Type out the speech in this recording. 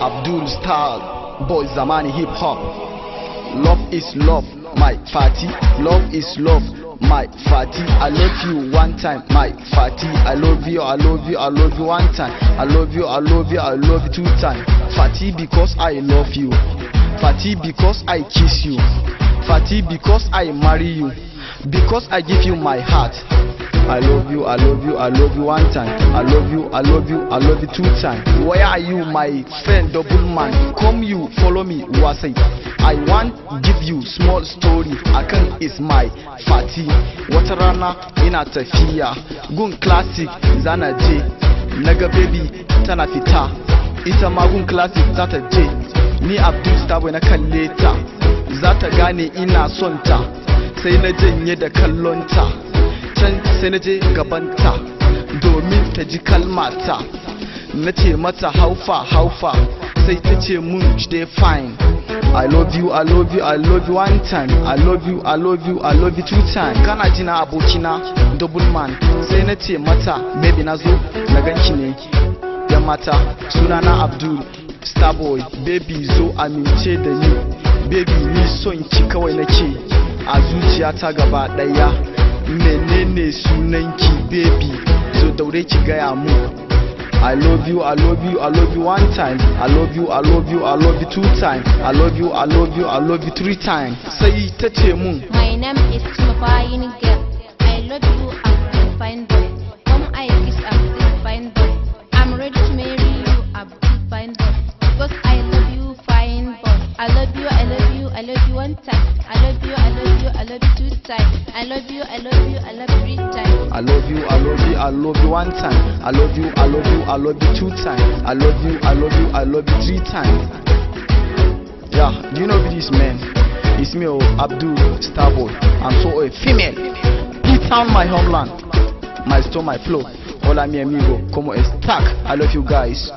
Abdul Style, Boy Zamani Hip Hop. Love is love, my fatty. Love is love, my fatty. I love you one time, my fatty. I love you, I love you, I love you one time. I love you, I love you, I love you two times. Fatty because I love you. Fatty because I kiss you. Fatty because I marry you. Because I give you my heart. I love you, I love you, I love you one time. I love you, I love you, I love you two times Where are you, my friend, double man? Come you, follow me, wasai. I want give you small story. Akan is my fati. Wata rana ina tafiya. Gun classic zana je. Nega baby tana fita. Ita ma gun classic zata je. Ni Abdul when na can ta. Zata gane ina son ta. Sai na janye da kallon ta. can sai na je gabanta domin ta ji kalmata na ce mata haufa haufa sai ta ce mun dey fine I love you, I love you, I love you one time I love you, I love you, I love you two time Kana jina abokina, double man Sai na ce mata, maybe na zo, na ganki ne Ya mata, sunana Abdul, Starboy Baby zo amince da ni Baby ni son ki kawai nake A zuciyata gaba ɗaya menene sunanki baby so daure ki gaya mu I love you, I love you, I love you one time. I love you, I love you, I love you two times. I love you, I love you, I love you three times. Say ta ce mun. My name is Mafine Girl. I love you, I'm fine boy. Come I kiss, I'm fine boy. I'm ready to marry you, I'm fine boy. Because I love you, fine boy. I love you, I love you, I love you one time. I love love you two times. I love you, I love you, I love you three times. I love you, I love you, I love you one time. I love you, I love you, I love you two times. I love you, I love you, I love you three times. Yeah, you know this man. It's me, Abdul Starboy. I'm so a female. P-Town, my homeland. My store, my flow. Hola mi amigo, como es tac. I love you guys.